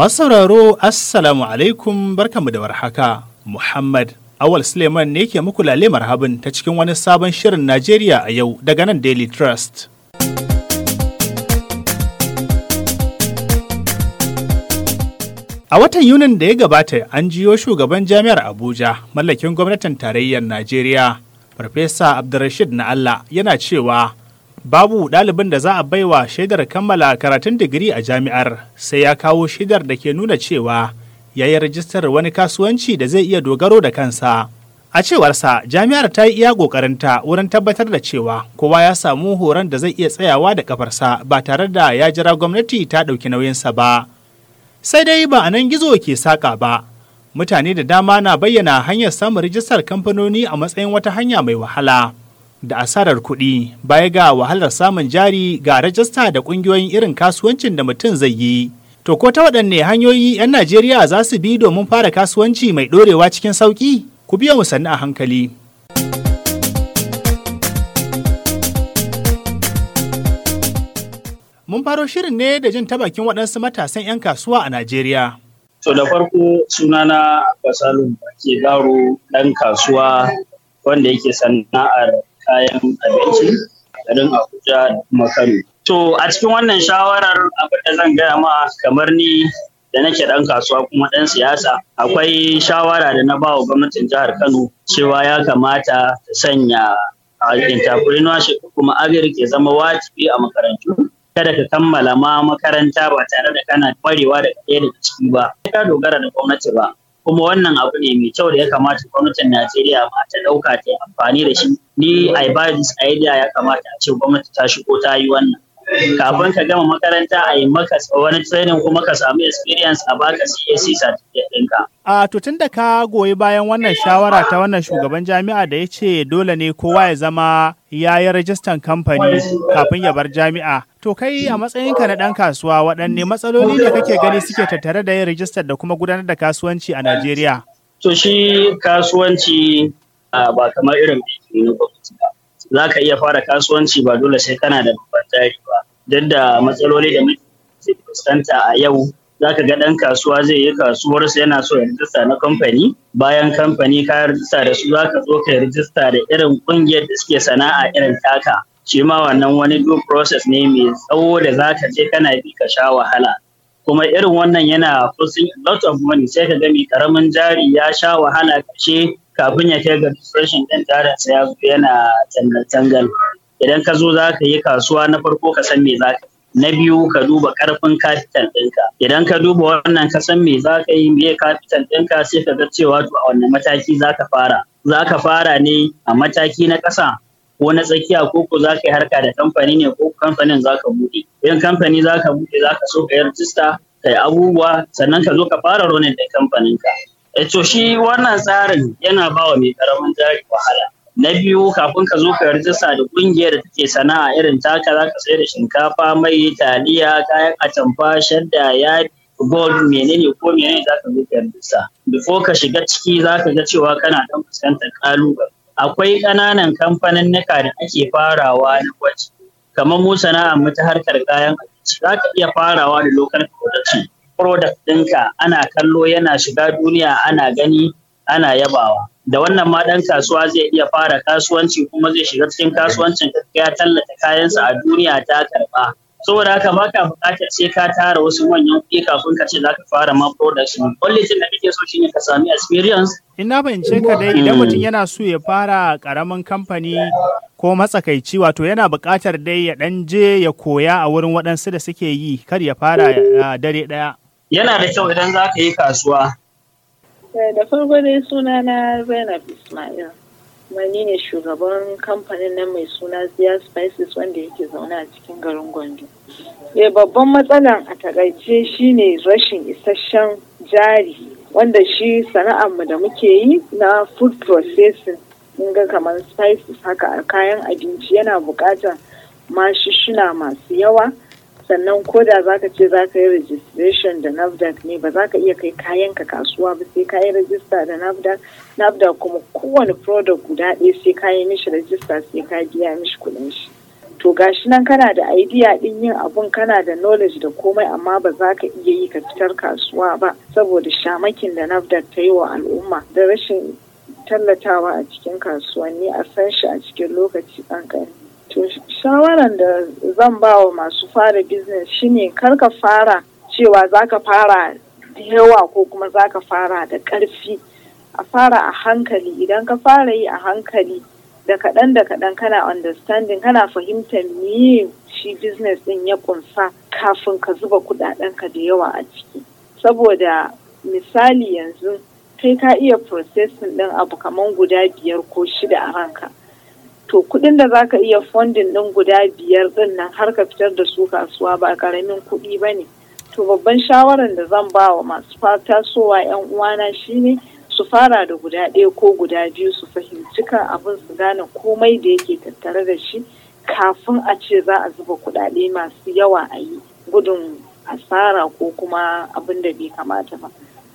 Masu sauraro, Assalamu alaikum barkanmu da warhaka. Muhammad Awal Suleiman ne ke muku lale marhabin ta cikin wani sabon shirin Najeriya a yau daga nan Daily Trust. A watan Yunin da ya gabata an jiyo shugaban jami'ar Abuja mallakin gwamnatin tarayyar Najeriya, Farfesa Abdulrashid na Allah yana cewa babu ɗalibin da za a baiwa shaidar kammala karatun digiri a jami'ar sai ya kawo shaidar da ke nuna cewa ya yi rajistar wani kasuwanci da zai iya dogaro da kansa. A cewarsa, jami'ar ta yi iya ƙoƙarinta wurin tabbatar da cewa kowa ya samu horon da zai iya tsayawa da kafarsa ba tare da ya jira gwamnati ta ɗauki nauyinsa ba. Sai dai ba a nan gizo ke saƙa ba. Mutane da dama na bayyana hanyar samun rijistar kamfanoni a matsayin wata hanya mai wahala. da asarar kuɗi baya ga wahalar samun jari ga rajista da ƙungiyoyin irin kasuwancin da mutum zai yi. To ko ta waɗanne hanyoyi 'yan Najeriya za su bi domin fara kasuwanci mai ɗorewa cikin sauƙi? Ku biya mu sannu a hankali. Mun faro shirin ne da jin tabakin waɗansu matasan 'yan kasuwa a Najeriya. So da farko sunana Basalu ke garo ɗan kasuwa wanda yake sana'ar kayan abinci garin Abuja kuma Kano. To a cikin wannan shawarar abin da zan gaya ma kamar ni da nake ɗan kasuwa kuma ɗan siyasa akwai shawara da na bawa gwamnatin jihar Kano cewa ya kamata ta sanya entrepreneurship kuma agri ke zama wajibi a makarantu kada ka kammala ma makaranta ba tare da kana kwarewa da ɗaya daga ciki ba ka dogara da gwamnati ba kuma wannan abu ne mai kyau da ya kamata gwamnatin Najeriya ma ta ɗauka ta yi amfani da shi ni a idea ya kamata a ce gwamnati ta shigo ta yi wannan kafin ka gama makaranta a yi maka wani training kuma ka samu experience a baka CAC certificate ɗinka. A to tun da ka goyi bayan wannan shawara ta wannan shugaban jami'a da ya ce dole ne kowa ya zama ya yi rajistan kamfani kafin ya bar jami'a. To kai a matsayinka na ɗan kasuwa waɗanne matsaloli ne kake gani suke tattare da yin rajistar da kuma gudanar da kasuwanci a Najeriya? To shi kasuwanci ba kamar irin na gwamnati ba. za ka iya fara kasuwanci ba dole sai kana da babban jari ba duk da matsaloli da muke fuskanta a yau za ka ga ɗan kasuwa zai yi kasuwarsa yana so ya rijista na kamfani bayan kamfani ka rijista da su za ka zo ka rijista da irin ƙungiyar da suke sana'a irin taka shi ma wannan wani due process ne mai tsawo da za ka je kana bi ka sha wahala kuma irin wannan yana costing a lot of money sai ka ga mai karamin jari ya sha wahala kashe kafin ya kai ga depression din tarin sa ya yana tangal idan ka zo za ka yi kasuwa na farko ka san me za ka na biyu ka duba karfin capital ɗinka idan ka duba wannan ka san me za ka yi me capital ɗinka sai ka ga cewa to a wanne mataki za ka fara za ka fara ne a mataki na ƙasa ko na tsakiya ko ko za ka yi harka da kamfani ne ko kamfanin za ka buɗe idan kamfani za ka buɗe za ka so ka yi rajista kai abubuwa sannan ka zo ka fara ronin da kamfaninka E to shi wannan tsarin yana ba wa mai karamin jari wahala. Na biyu kafin ka zo ka rijista da kungiyar da take sana'a irin taka za ka sayar da shinkafa, mai, taliya, kayan atamfa, shadda, yadi, gold menene ko menene za ka zo ka rijista. Before ka shiga ciki za ka ga cewa kana dan fuskantar kalubale. Akwai ƙananan kamfanin nika da ake farawa na gwaji. Kamar mu sana'ar mu ta harkar kayan abinci za ka iya farawa da local production. product ɗinka ana kallo yana shiga duniya ana gani ana yabawa da wannan ma ɗan kasuwa zai iya fara kasuwanci kuma zai shiga cikin kasuwancin ya tallata kayansa a duniya ta karɓa saboda haka ba ka buƙatar sai ka tara wasu manyan kuɗi kafin ka ce za ka fara ma production only thing da kake so shine ka sami experience in na fahimce ka dai idan mm. mutum yana so ya fara ƙaramin kamfani ko matsakaici wato yana buƙatar dai ya ɗan je ya koya a wurin waɗansu da suke yi kar ya fara mm. dare ɗaya yana da kyau idan za ka yi kasuwa. Eh, da farko dai suna na Zainab Ismail. wani ne shugaban kamfanin nan mai suna Ziya Spices wanda yake zaune a cikin garin Gombe. Eh babban matsalan a takaice shine rashin isasshen jari wanda shi sana'armu da muke yi na food processing in ga kamar spices haka a kayan abinci yana buƙatar mashishina masu yawa. sannan ko da za ka ce za ka yi registration da nafdac ne ba za ka iya kai kayan ka kasuwa ba sai ka yi rajista da nafdac nafdac kuma kowane product guda ɗaya sai ka yi mishi rajista sai ka biya mishi kuɗin shi to gashi nan kana da idea din yin abun kana da knowledge da komai amma ba za ka iya yi ka fitar kasuwa ba saboda shamakin da nafdac ta yi wa al'umma da rashin tallatawa a cikin kasuwanni a san shi a cikin lokaci kankani to shawaran da zan ba wa masu fara business shine ka fara cewa za ka fara da yawa ko kuma za ka fara da ƙarfi a fara a hankali idan ka fara yi a hankali da kaɗan da kaɗan kana understanding kana fahimtar meye shi biznes ɗin ya ƙunsa kafin ka zuba kuɗaɗenka da yawa a ciki saboda misali yanzu kai ka iya processing ɗin abu kamar guda biyar ko shida a ranka to kuɗin da za ka iya fondin ɗin guda biyar ɗin nan har ka fitar da su kasuwa ba karamin kuɗi ba ne to babban shawaran da zan ba wa masu tasowa 'yan uwana shine su fara da guda ɗaya ko guda biyu su fahimci kan abin su gane komai da yake tattare da shi kafin a ce za a zuba kuɗaɗe masu yawa a yi gudun asara ko kuma abin da bai kamata ba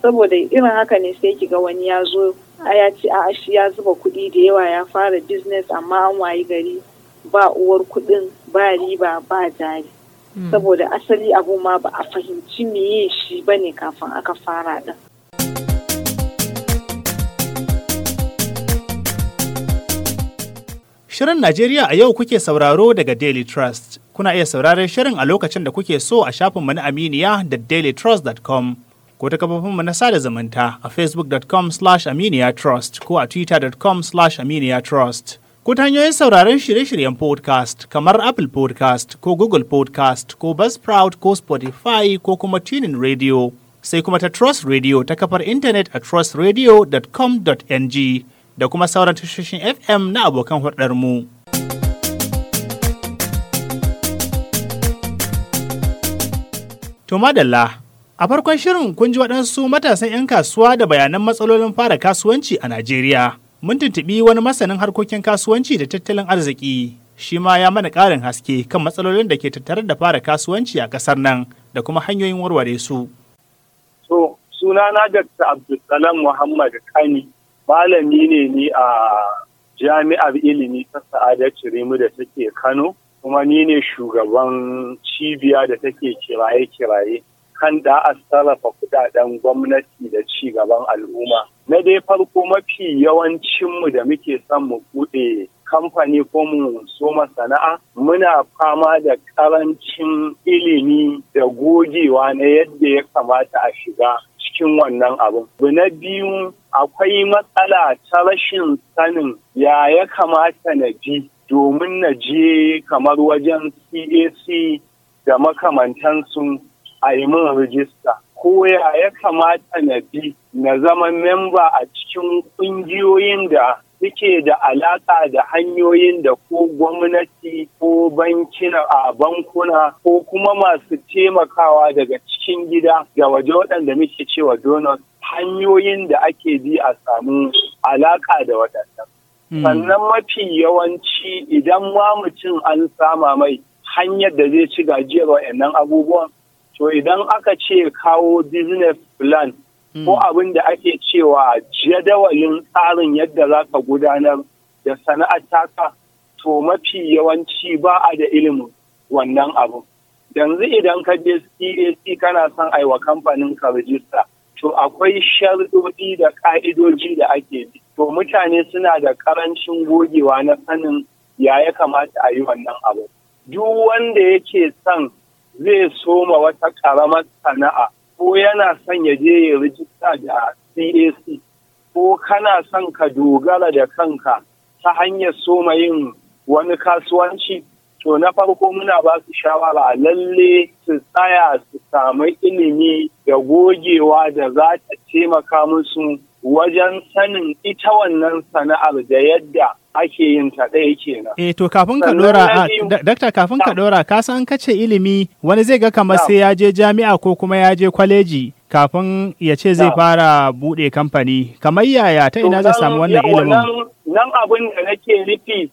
saboda irin haka ne sai ki ga wani ya zo ya ce a shi ya zuba kuɗi da yawa ya fara business amma an wayi gari ba uwar kuɗin ba riba ba jari hmm. saboda asali abu ma ba a fahimci meye shi ba ne kafin aka fara ɗin. Shirin Najeriya a yau kuke sauraro daga Daily Trust. Kuna iya sauraron shirin a lokacin da kuke so a shafinmu na Aminiya da dailytrust.com. ko ta mu na sada zumunta a facebook.com slash aminiyatrust ko a twitter.com slash aminiyatrust. Ko ta hanyoyin sauraron shirye-shiryen podcast kamar Apple podcast ko Google podcast ko Buzzsprout ko Spotify ko kuma Tunin Radio. Sai kuma ta Trust Radio ta kafar intanet a trustradio.com.ng da kuma sauran tashoshin FM na abokan mu. To madalla A farkon shirin kun ji waɗansu matasan 'yan kasuwa da bayanan matsalolin fara kasuwanci a Najeriya. Mun tuntuɓi wani masanin harkokin kasuwanci da tattalin arziki. Shi ma ya mana ƙarin haske kan matsalolin da ke tattare da fara kasuwanci a ƙasar nan da kuma hanyoyin warware su. So, sunana Dr. Abdulsalam Muhammad Kani, malami ne ni a jami'ar ilimi ta Sa'adar Cirimu da take Kano, kuma ni ne shugaban cibiya da take kiraye-kiraye kan da a sarrafa kudaden gwamnati da ci gaban al'umma. Na dai farko mafi yawancinmu da muke son mu buɗe kamfani ko mu so sana'a muna fama da ƙarancin ilimi da gogewa na yadda ya kamata a shiga cikin wannan abin. Na biyu akwai matsala ta rashin sanin ya ya kamata na ji domin na je kamar wajen CAC da makamantansu a yi min rijista ko ya ya kamata na bi na zama memba a cikin ƙungiyoyin da suke da alaƙa da hanyoyin da ko gwamnati ko bankina a bankuna ko kuma masu taimakawa daga cikin gida ga waje waɗanda muke cewa donors hanyoyin da ake bi a samu alaƙa da waɗannan. Hmm. Sannan mafi yawanci idan ma mutum an sama mai hanyar da zai ci gajiyar waɗannan abubuwan to idan aka ce kawo business plan hmm. ko abin da ake cewa jadawalin tsarin yadda za ka gudanar da sana'ar taka to mafi yawanci ba a da ilimin wannan abu yanzu idan ka je CAC kana son wa kamfanin ka rijista to akwai sharuɗi da ƙa'idoji da ake bi to mutane suna da ƙarancin gogewa na sanin ya ya kamata a yi wannan abu duk wanda yake son zai soma wata karamar sana'a ko yana son ya je ya rijista da CAC ko kana son ka dogara da kanka ta hanyar soma yin wani kasuwanci to na farko muna ba su shawara lalle su tsaya su sami ilimi da gogewa da za ta taimaka musu wajen sanin ita wannan sana'ar da yadda ake yin ta ɗaya kenan. Eh to kafin ka dora dakta kafin ka dora ka san kace ilimi wani zai ga kamar sai ya je jami'a ko kuma ya je kwaleji kafin ya ce zai fara buɗe kamfani kamar yaya ta ina zai samu wannan ilimin. Nan abin da nake nufi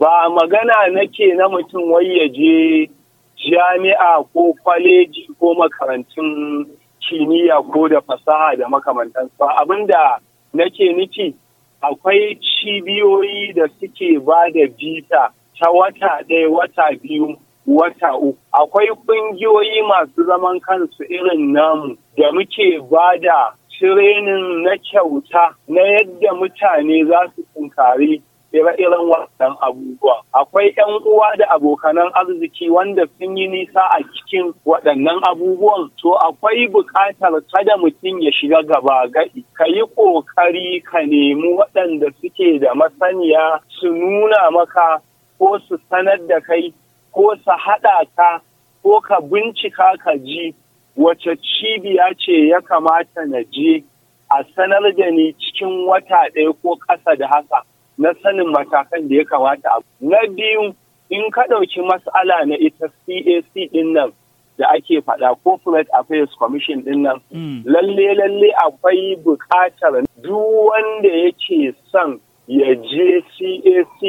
ba magana nake na mutum wai ya je jami'a ko kwaleji ko makarantun kimiyya ko da fasaha da makamantansu abin da nake nufi akwai cibiyoyi da suke ba da bita ta wata ɗaya wata biyu wata uku akwai ƙungiyoyi masu zaman kansu irin namu da muke ba da tirenin na kyauta na yadda mutane za su tunkari ire irin waɗannan abubuwa. Akwai 'yan uwa da abokanan arziki wanda sun yi nisa a cikin waɗannan abubuwan, to akwai buƙatar kada mutum ya shiga gaba gaɗi. Ka yi ƙoƙari ka nemi waɗanda suke da masaniya su nuna maka ko su sanar da kai ko su haɗa ka ko ka bincika ka ji wace cibiya ce ya kamata na je a sanar da ni cikin wata ɗaya ko ƙasa da haka. na sanin matakan da ya kamata a na biyu in ka ɗauki matsala na ita cac ɗin nan da ake faɗa ko corporate affairs commission ɗin nan mm. lalle lalle akwai buƙatar duk wanda yake son ya je cac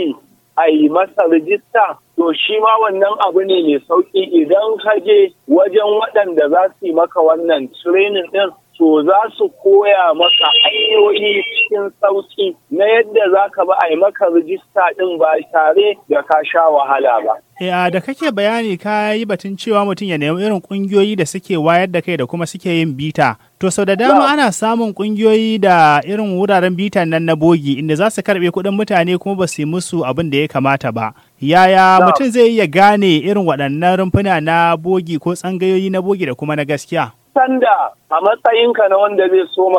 a yi masa rijista to shi ma wannan abu ne mai sauƙi idan ka je wajen waɗanda za su yi maka wannan training ɗin to za su koya maka hanyoyi cikin sauki na yadda za ka ba a yi maka rijista ɗin ba tare da ka sha wahala ba. Eh, a da kake bayani ka yi batun cewa mutum ya nemi irin ƙungiyoyi da suke wayar da kai da kuma suke yin bita. To sau da dama ana samun ƙungiyoyi da irin wuraren bita nan na bogi inda za su karɓe kuɗin mutane kuma ba su yi musu abin da ya kamata ba. Yaya mutum zai iya gane irin waɗannan rumfuna na bogi ko tsangayoyi na bogi da kuma na gaskiya? sanda a matsayinka na wanda zai so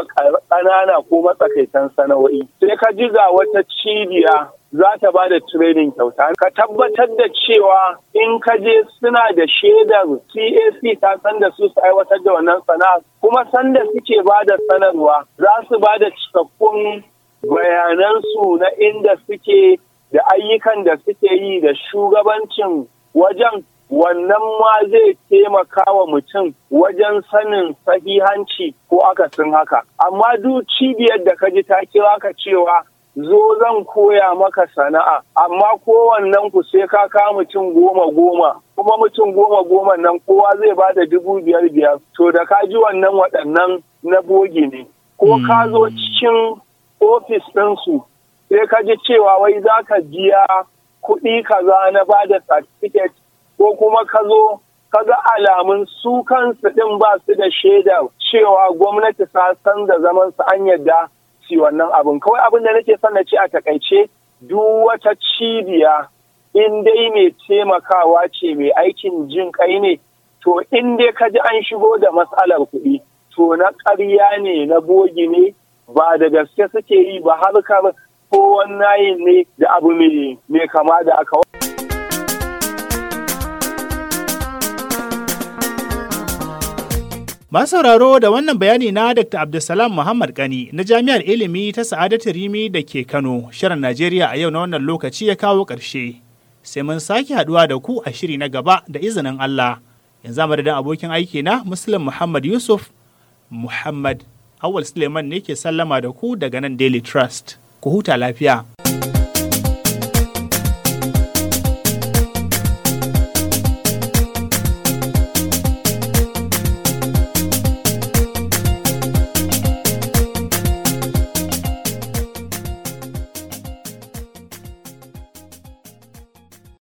ƙanana ko matsakaitan sana'o'i sai ka ji ga wata cibiya za ta ba da training kyauta ka tabbatar da cewa in ka je suna da shaidar cac ta san da su su aiwatar da wannan sana'a kuma sanda suke ba da sanarwa za su ba da cikakkun bayanansu na inda suke da ayyukan da suke yi da shugabancin wajen wannan ma zai taimaka wa mutum wajen sanin sahihanci ko akasin haka. Amma duk cibiyar da ka ji ta kira ka cewa zo zan koya maka sana'a, amma kowannen ku sai ka kawo mutum goma goma, kuma mutum goma goma nan kowa zai ba da dubu biyar biyar, to da ka ji wannan waɗannan na bogi ne. Ko ka hmm. zo cikin ofis ɗinsu, sai ka ji cewa wai za ka biya kuɗi kaza na ba da certificate ko kuma ka zo ka ga alamun su kansu ɗin ba su da shaida cewa gwamnati ta san da zaman su an yadda su wannan abin kawai abin da nake son na ce a takaice duk wata cibiya in dai mai taimakawa ce mai aikin jin kai ne to in dai ka ji an shigo da matsalar kuɗi to na ƙarya ne na bogi ne ba da gaske suke yi ba harkar ko wannan ne da abu mai kama da aka sauraro da wannan bayani na Dr. Abdulsalam Muhammad Kani na Jami'ar Ilimi ta Sa'adatu Rimi da ke Kano, shirin Najeriya a yau na wannan lokaci ya kawo ƙarshe. Sai mun sake haɗuwa da ku a shiri na gaba da izinin Allah. Yanzu madadin abokin aiki na Muslim Muhammad Yusuf Muhammad Awal Suleiman ne ke sallama da ku daga nan Daily Trust. Ku huta lafiya.